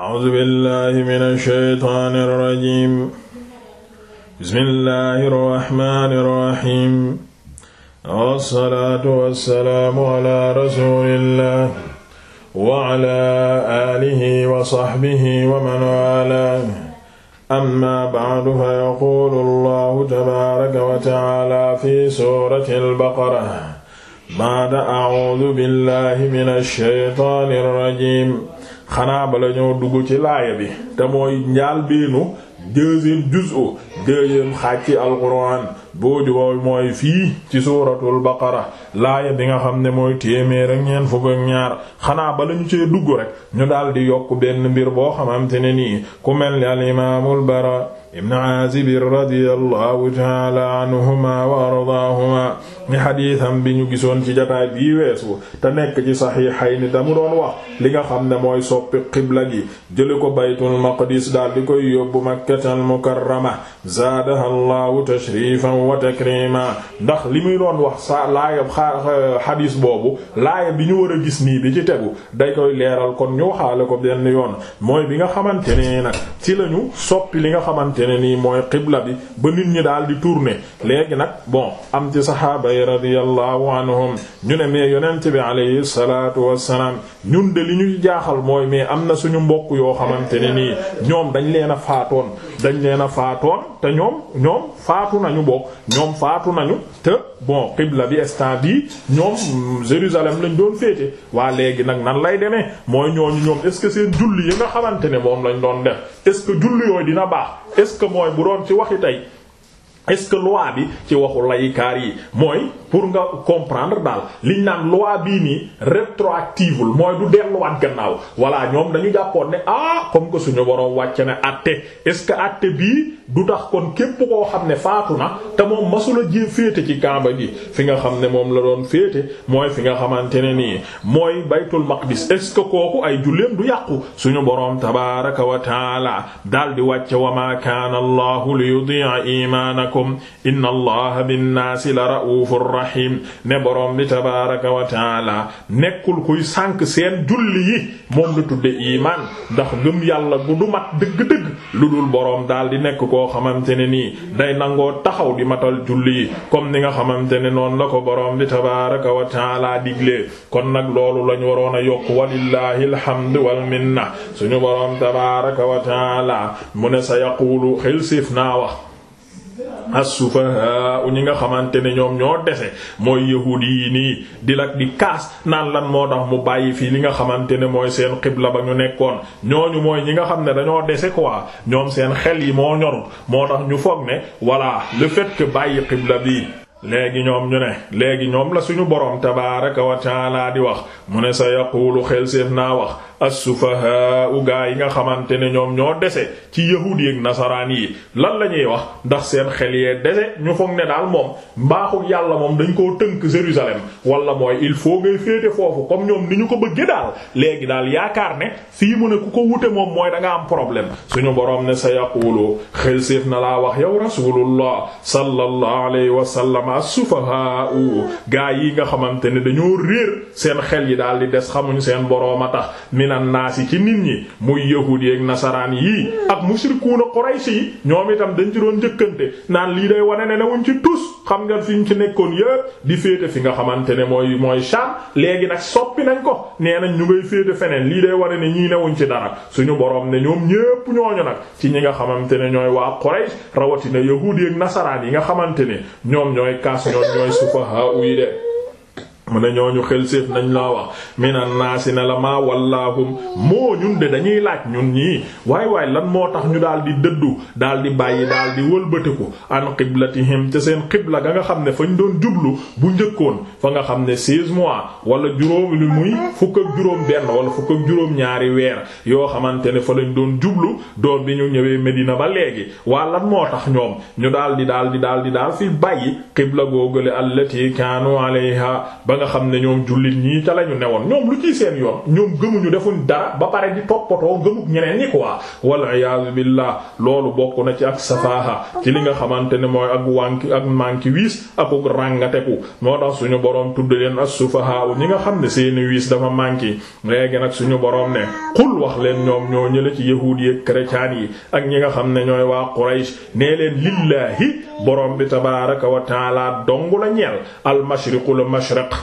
A'uuzu billaahi mina shaytaani rajiim. Bismillaahi rahmaani rahiim. Wassalaatu wassalaamu alaa rasuulillaah wa alaa aalihi wa sahbihi wa man waalaah. Ammaa ba'du fa yaquulu Allaahu tabaaraka wa ta'aalaa fi suuratil baqara ba'da a'uuzu billaahi mina shaytaani rajiim. xanaa ba ñoo dugg ci laaya bi te mooy njaal beenu deuxième juz'u deuxième xaaj ci alxuraan booju woow mooy fii ci suuratul baqara laaya bi nga xam ne mooy téeméer ak ñeent fukk ak ñaar xanaa ba lañu cee dugg rek ñu daal di yokk benn mbir boo xamante ne nii ku mel ni al imaamul bara ibn aazib radiyallahu taala anhuma wa ardaahuma ni xadiisam bi ñu gisoon ci jataay bii weesu te nekk ci saxiixayni damu doon wax li nga xam ne mooy soppi xibla gi jëli ko baytul maqdis daal di koy yóbbu makkatal mukarrama zaadaha allahu tashrifan wa takrima ndax li muy doon wax sa laaya xadis boobu laaya bi ñu war a gis nii bi ci tegu day koy leeral kon ñu waxaale ko benn yoon mooy bi nga xamante ne nag ci lañu soppi li nga xamante ne nii mooy xibla bi ba nit ñi daal di tourner léegi nag bon am ci saxaaba yi radiyallahu anhum ñu ne mais yonent bi alayhi salaatu wassalaam ñun de li ñuy jaaxal mooy mais am na suñu mbokk yoo xamante ne nii ñoom dañ leen a faatoon dañ leen a faatoon te ñoom ñoom faatu nañu bokk ñoom faatu nañu te bon xibla bi instant bii ñoom Jérusalem lañ doon féete waa léegi nag nan lay demee mooy ñooñu ñoom est-ce que seen julli yi nga xamante ne moom lañ doon def est-ce que julli yooyu dina baax est-ce que mooy bu doon ci waxi tey est-ce que bi ci waxu layikaar yi mooy pour nga comprendre daal liñ naan loi bii nii rétroactive mooy du delluwaat gannaaw voilà ñoom dañu jàppoon ne ah comme que suñu borom wàcce na àtte est-ce que àtte bii du tax kon képp koo xam ne faatu na te moom masula ji féete ci kamba gi fi nga xam ne moom la doon féete mooy fi nga xamante ne nii mooy baytul maqdis est-ce que kooku ay julleem du yàqu suñu boroom tabaaraka wa taala di wàcce wa ma kaana allahu li yudi'a imaanakum inna allaha bin naasi rahim ne borom bi tabaaraka wa taala nekkul kuy sànq seen julli yi moom la tudde iman ndax gëm yàlla bu du mat dëgg-dëgg lu dul borom daal di nekk koo xamante ne nii day nangoo taxaw di matal julli yi comme ni nga xamante ne noon la ko boroom bi tabaaraka wa taala diglee kon nag loolu lañ waroon a yokk walillahi alhamdu wal minna suñu borom tabaaraka wa taala mu ne sa yaqulu xel naa wax as-sufaha ñi nga xamante ne ñoom ñoo dese mooy yahuud yi nii di lak di kaas naan lan moo tax mu bàyyi fii li nga xamante ne mooy seen xibla ba ñu nekkoon ñooñu mooy ñi nga xam ne dañoo dese waa ñoom seen xel yi moo ñorut moo tax ñu foog ne voilà le fait bàyyi xibla bi léegi ñoom ñu ne léegi ñoom la suñu boroom tabaaraka wa taala di wax mu ne sa yaquulu xel séef naa wax as-sufahaa'u gaa yi nga xamante ne ñoom ñoo dese ci yahuudi ak nasaraan yi lan la ñuy wax ndax seen xel yee dese ñu foog ne daal moom mbaaxul yàlla moom dañ ko tënk Jérusalem wala mooy il faut ngay féete foofu comme ñoom ni ñu ko bëggee daal léegi daal yaakaar ne fii mu ne ku ko wute moom mooy danga am problème suñu boroom ne sa yaqulu xel séef na laa wax yow rasulullah sallallahu alayhi wa sallam as-sufahaa'u gaa yi nga xamante ne dañoo réer seen xel yi daal di des xamuñ seen minan naasi ci nit ñi muy yahuud yeek nasaraan yii ak mushrikuuna Quraysh yi ñoom itam dañ ci doon njëkkante naan lii day wane ne newuñ ci tus xam nga fi ñu ci nekkoon yëpp di féete fi nga xamante ne mooy mooy Sham léegi nag soppi nañ ko nee nañ ñu ngay féete feneen lii day wane ne ñii newuñ ci dara suñu boroom ne ñoom ñépp ñooñu nag ci ñi nga xamante ne ñooy waa Quraysh rawatina yahuud nasaraan yi nga xamante ne ñoom ñooy kaas ñoom ñooy sufaha yi mu ne ñooñu xel séef nañ laa wax minan naasi ne la maa wallaahum moo ñun de dañuy laaj ñun ñii waay waay lan moo tax ñu daal di dëddu daal di bàyyi daal di wëlbatiku an qiblatihim ca seen qibla ga nga xam ne fañ doon jublu bu njëkkoon fa nga xam ne seize mois wala juróom lu muy fukk ak juróom benn wala fukk ak juróom ñaari weer yoo xamante ne fa lañ doon jublu doon bi ñu ñëwee Medina ba léegi waa lan moo tax ñoom ñu daal di daal fi bàyyi qibla googale nga xam ne ñoom jullit ñii ca la ñu newoon ñoom lu ciy seen yoon ñoom gëmuñu defuñ dara ba pare di toppatoo gëmuk ñeneen ñi quoi wal iyaazu billah loolu bokk na ci ak safaaha ci li nga xamante ne mooy ak wànki ak manki wiis akuk ràngateku moo tax suñu boroom tudd leen as-sufaha ñi nga xam ne seeni wiis dafa manki léegi nag suñu boroom ne xul wax leen ñoom ñoo ñële ci yahuud yi chrétien yi ak ñi nga xam ne ñooy waa Quraysh nee le lillaahi boroom bi tabaaraka wa taala dongu la ñeel al mashriqu al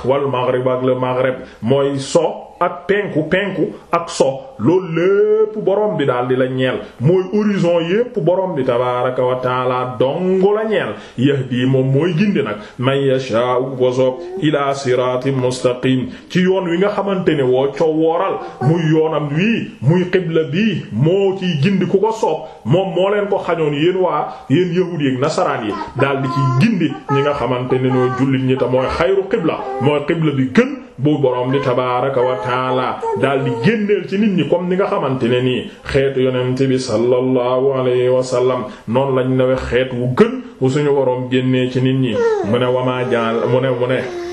wal maghrib ak le maghrib mooy so ak penku penku ak soo loolu lépp borom bi daal di la ñeel mooy horizon yépp borom bi tabaaraka wa taala dong la ñeel yahdi moom mooy gindi nag man yashaa'u bosoog ilaa siraatin mustaqim ci yoon wi nga xamante ne woo coo wooral muy yoonam wii muy xibla bii moo ciy gindi ku ko soob moom moo leen ko xañoon yéen waa yéen yahuud yi ak nasaraan yi daal di ciy gindi ñi nga xamante ne ñooy jullit ñi te xayru xibla mooy xibla bi gën bu borom di tabaaraka wa taala daal génneel ci nit ñi comme ni nga xamante ne nii xeetu yonent bi sallallahu alayhi wa sallam noonu lañ we xeet wu gën wu suñu woroom génnee ci nit ñi mu ne wamaa jaal mu ne mu ne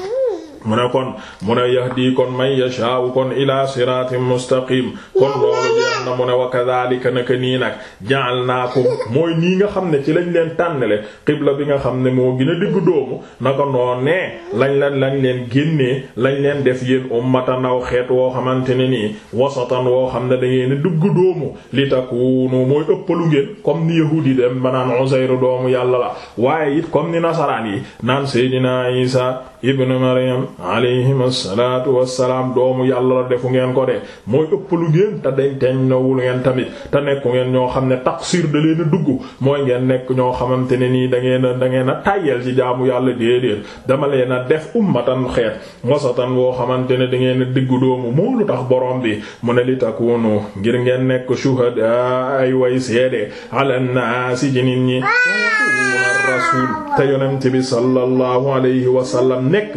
mu ne kon mu ne yahdi kon man yashaawu kon ila siratin mustaqim kon loolu jeex na mu ne wa kadhalika naka nii nag ja'alnaakum mooy nii nga xam ne ci lañ leen tànnale xibla bi nga xam ne moo gën a diggu doomu naka noonee lañ lañ lañ leen génnee lañ leen def yéen ummatan naw xeet woo xamante ne nii wasatan woo xam ne da ngeen a diggu doomu li takunu mooy ëppalu ngeen comme ni yahuud yi dem ba naan doomu yàlla la waaye it comme ni nasaraan yi naan Seydina alayhim assalaatu wassalaam doomu yàlla la defu ngeen ko de mooy ëpp lu ngeen te dañ teñ nawul ngeen tamit te nekku ngeen ñoo xam ne taqsir da leen dugg mooy ngeen nekk ñoo xamante ne nii da ngeen a a tàyyel ci jaamu yàlla déedéet dama leen a def ummatan xeet wasatan woo xamante ne da ngeen diggu doomu moo lu tax borom bi mu ne li takunu ngir ngeen nekk shuhada ay way seede ala naasi ci nit ñi rasul te yonent bi sallallahu alayhi wa sallam nekk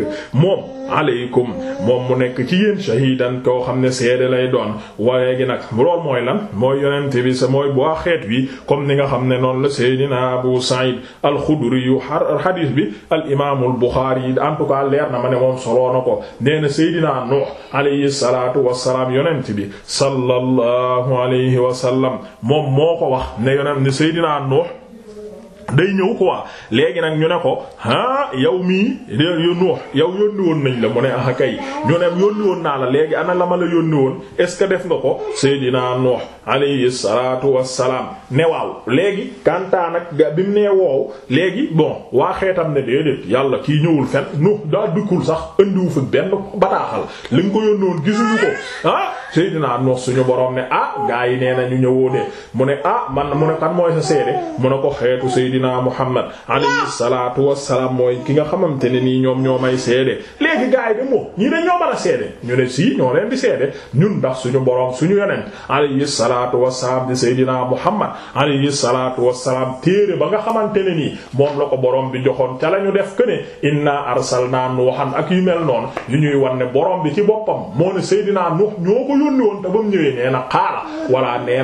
aleykum moom mu nekk ci yéen shahidan koo xam ne seede lay doon waaye gi nag lool mooy lan mooy yonent bi sa mooy boo xeet wi comme ni nga xam ne noonu la Seydina Abu Sa'id al-Khudri yu xar xadiis bi al imaamul Buxaari en tout cas leer na ma ne moom soloo na ko nee na Seydina Nuux alayhi salaatu wassalaam yonent bi sallallahu alayhi wa sallam moom moo ko wax ne yonent ne Seydina Nuux day ñëw quoi léegi nag ñu ne ko ah yow mii yow Nuux yow yónni woon nañ la mu ne ah kay ñu ne woon naa la léegi ana la ma la yónni est ce que def nga ko Seydina Nuux alayhi salaatu wassalaam ne waaw léegi kantaa nag bi mu nee woow léegi bon waa yàlla kii ñëwul fen Nuux daa sax andiwu ko yónni woon gisuñu ko ah suñu borom ne ah gaa yi nee na ñu ñëwoo de mu ne ah man mu ne kan mooy sa seede mu ne ko xeetu Seydina seydinaa muhammad alayhi salaatu wassalaam mooy ki nga xamante ne nii ñoom ñoo may seede léegi gaay bi moo ñii dañ ñoo mën a seede ñu ne sii ñoo leen di seede ñun ndax suñu boroom suñu yonent alayhi salaatu wassalaam di seydinaa muhammad alayhi wa wassalaam téere ba nga xamante ne nii moom la ko boroom bi joxoon ca lañu def këne inna arsalnaa nuuhan ak yu mel noonu yu ñuy wan ne boroom bi ci boppam moo ne seydinaa nuux ñoo ko yónni woon te ba mu ñëwee na xaala walla nee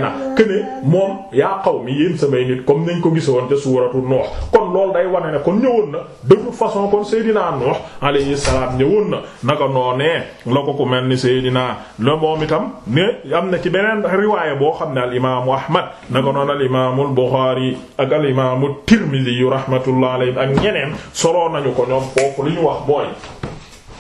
suuratu Nuux kon loolu day wane ne kon ñëwoon na de toute façon kon Seydina Nuux alayhi salaam ñëwoon na naka noonee la ko ku mel ni Seydina la moom itam ne am na ci beneen riwaaya boo xam ne al imaamu Ahmad naka noonu al imaamu Buxaari ak al imaamu Tirmidi yu rahmatullah ak ñeneen solo nañu ko ñoom foofu li ñu wax mooy.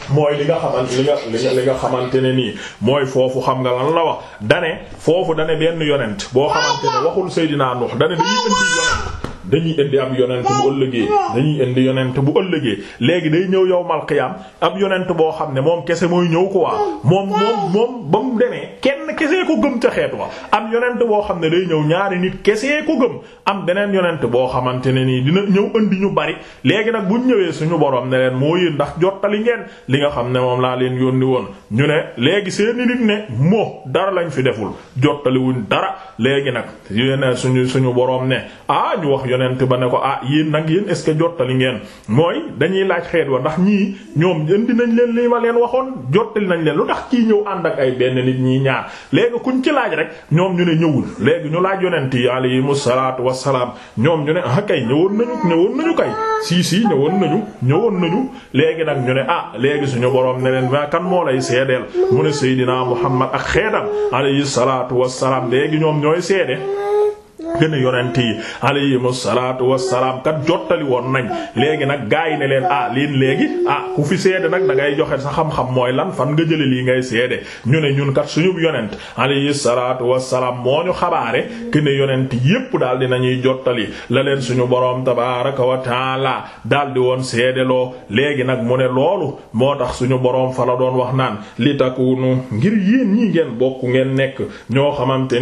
mooy li nga xaman li xamante ne nii mooy foofu xam nga lan la wax dane foofu dane benn yonent boo xamante ne waxul Seydina Nuux dane dañuy indi yonent dañuy indi ab yonent bu ëllëgee dañuy indi yonent bu ëllëgee léegi day ñëw yowmal qiyaam ab yonent boo xam ne moom kese mooy ñëw quoi moom moom moom ba mu demee kenn kese ko gëm ca xeet wa am yonent boo xam ne day ñëw ñaari nit kese ko gëm am beneen yonent boo xamante ne nii dina ñëw indi ñu bari léegi nag bu ñëwee suñu borom ne leen moo yéen ndax jottali ngeen li nga xam ne moom laa leen yónni woon ñu ne léegi seen nit ne moo dara lañu fi deful jottaliwuñ dara léegi nag yéen suñu suñu borom ne ah yonent ba ne ko ah yéen nag yéen est ce que jottali ngeen mooy dañuy laaj xeet wa ndax ñii ñoom indi nañ leen li ma leen waxoon jottali nañ leen lu kii ñëw ànd ak ay benn nit ñi ñaar léegi kuñ ci laaj rek ñoom ñu ne ñëwul léegi ñu laaj yonent yi alayhimu salaatu wassalaam ñoom ñu ne ah kay ñëwoon nañu ñëwoon nañu kay si si nañu ñëwoon nañu léegi nag ñu ne ah léegi suñu boroom ne leen ah, kan moo lay seedeel mu ne Seydina Muhammad ak xeetam alayhi salaatu wassalaam léegi ñoom ñooy seede gën a yonent yi alayhimu salaatu wassalaam kat jottali woon nañ léegi nag gaa yi ne leen ah liin léegi ah ku fi seede nag da ngay joxe sa xam-xam mooy lan fan nga jële lii ngay seede ñu ne ñun kat suñu yonent alayhi salaatu wassalaam moo ñu xabaare ki ne yonent yépp daal di nañuy jottali la leen suñu boroom tabaaraka wa taala daal di woon seedeloo léegi nag mu ne loolu moo tax suñu boroom fa la doon wax naan li takunu ngir yéen ñi ngeen bokk ngeen nekk ñoo xamante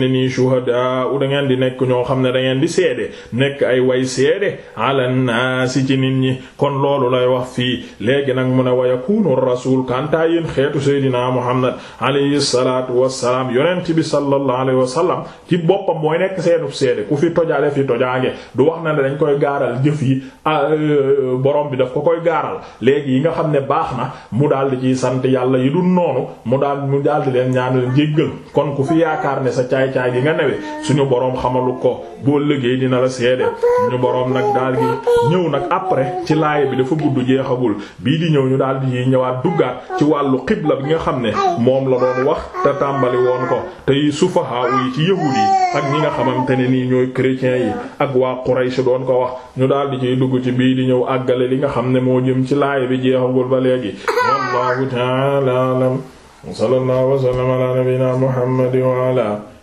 ñoo xam ne da ngeen di seede nekk ay way seede ala si ci nit ñi kon loolu lay wax fii léegi nag mu ne wa yakunu rasul kantaa yéen xeetu seydina muhammad alayhi salatu wassalaam yonent bi sallallahu alayhi wasallam ci boppam mooy nekk seenub ku fi tojale fi tojaange du wax na ne dañ koy gaaral jëf yi ah, euh, borom bi daf ko koy gaaral léegi yi nga xam ne baax na mu daal di ciy sant yàlla yi du noonu mu daal mu daal leen ñaanal jéggal kon ku fi yaakaar ne sa caay-caay gi nga newe suñu borom xamalu ko boo liggéey dina la seede ñu boroom nag daal gi ñëw nag après ci laaya bi dafa gudd jeexagul bii di ñëw ñu daal di ñëwaat duggaat ci wàllu xibla bi nga xam ne moom la doon wax te tàmbali woon ko te sufaha yi ci yahud yi ak ñi nga xamante ne nii ñooy chrétiens yi ak waa si doon ko wax ñu daal di ciy dugg ci bii di ñëw àggale li nga xam ne moo jëm ci laaya bi jeexagul ba léegi wallahu ta'ala alam sallallahu wa sallama ala nabiyyina muhammad wa ala